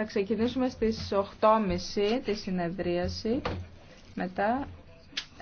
Θα ξεκινήσουμε στις 8.30 τη συνεδρίαση. Μετά